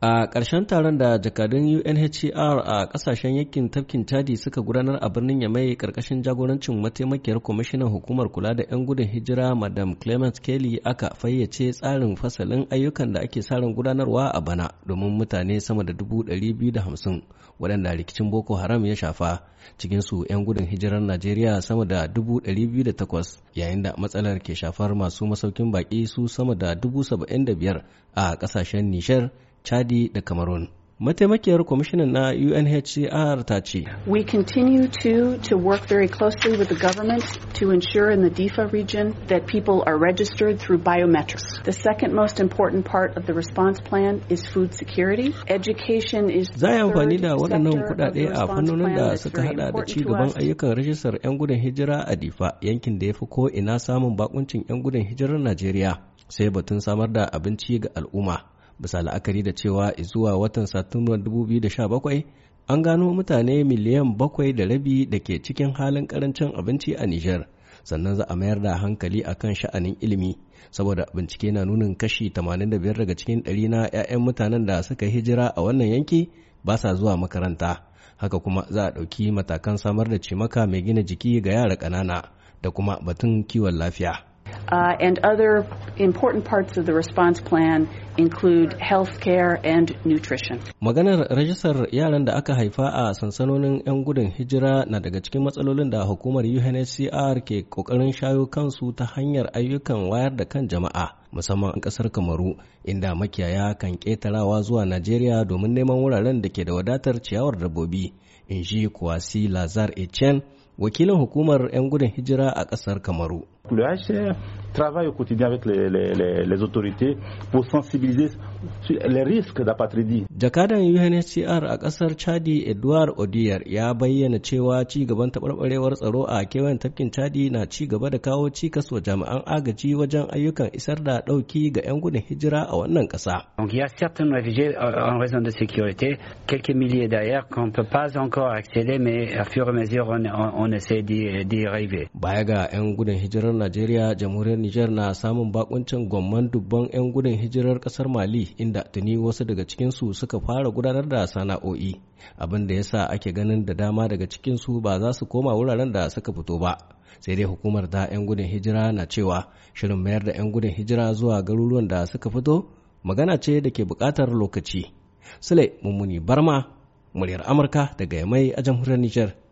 A ƙarshen taron da jakadun UNHCR a ƙasashen yankin tafkin Chadi suka gudanar a birnin Yamai ƙarƙashin jagorancin mataimakiyar kwamishinan hukumar kula da 'yan gudun hijira Madam Clement Kelly aka fayyace tsarin fasalin ayyukan da ake tsarin gudanarwa a bana domin mutane sama da dubu dari biyu da hamsin waɗanda rikicin Boko Haram ya shafa cikin su 'yan gudun hijirar Najeriya sama da dubu dari biyu da takwas yayin da matsalar ke shafar masu masaukin baƙi su sama da dubu saba'in da biyar a ƙasashen Nishar Chadi da Cameroon. Mataimakiyar kwamishinan na UNHCR ta ce, We continue to, to work very closely with the government to ensure in the DIFA region that people are registered through biometrics. The second most important part of the response plan is food security. Education is Za a amfani da waɗannan kuɗaɗe a fannonin da suka haɗa da ci gaban ayyukan rajistar 'yan gudun hijira a DIFA yankin da ya fi ko ina samun bakuncin 'yan gudun hijirar Najeriya sai batun samar da abinci ga al'umma. bisa la'akari da cewa zuwa watan satumbar 2017 an gano mutane miliyan bakwai da rabi da ke cikin halin karancin abinci a Nijar. sannan za a mayar da hankali a kan sha'anin ilimi saboda bincike na nunin kashi 85 daga cikin ɗari na 'ya'yan mutanen da suka hijira a wannan yanki ba sa zuwa makaranta haka kuma za a ɗauki matakan samar da cimaka mai gina jiki ga yara ƙanana da kuma batun kiwon lafiya. uh, and other important parts of the response plan include health care and nutrition. Maganar rajistar yaran da aka haifa a sansanonin 'yan gudun hijira na daga cikin matsalolin da hukumar UNHCR ke kokarin shayo kansu ta hanyar ayyukan wayar da kan jama'a musamman a kasar Kamaru inda makiyaya kan ketarawa zuwa Najeriya domin neman wuraren da ke da wadatar ciyawar dabbobi. In ji Kwasi Lazar Echen wakilin hukumar 'yan gudun hijira a ƙasar kamaru travaille au quotidien avec les, les, les autorités pour sensibiliser sur les risques d'apatridie. Jakadan UNHCR a kasar Chadi Edouard Odier ya bayyana cewa ci gaban taɓarɓarewar tsaro a kewayen tafkin Chadi na ci gaba da kawo cikas wa jami'an agaji wajen ayyukan isar da dauki ga 'yan gudun hijira a wannan ƙasa. Donc il y a certains réfugiés euh, en raison de sécurité, quelques milliers d'ailleurs qu'on ne peut pas encore accéder mais à fur et à mesure on, on, on essaie d'y arriver. Baya ga 'yan gudun hijirar Najeriya jamhuriyar Nijar na samun bakuncin gwamman dubban 'yan gudun hijirar kasar Mali inda tuni wasu daga cikinsu suka fara gudanar da sana'o'i abin da yasa ake ganin da dama daga cikinsu ba za su koma wuraren da suka fito ba. Sai dai hukumar da 'yan gudun hijira na cewa shirin mayar da 'yan gudun hijira zuwa garuruwan da suka fito magana ce da ke buƙatar lokaci. Sule Mummuni Barma, muryar Amurka daga Yamai a jamhuriyar Nijar.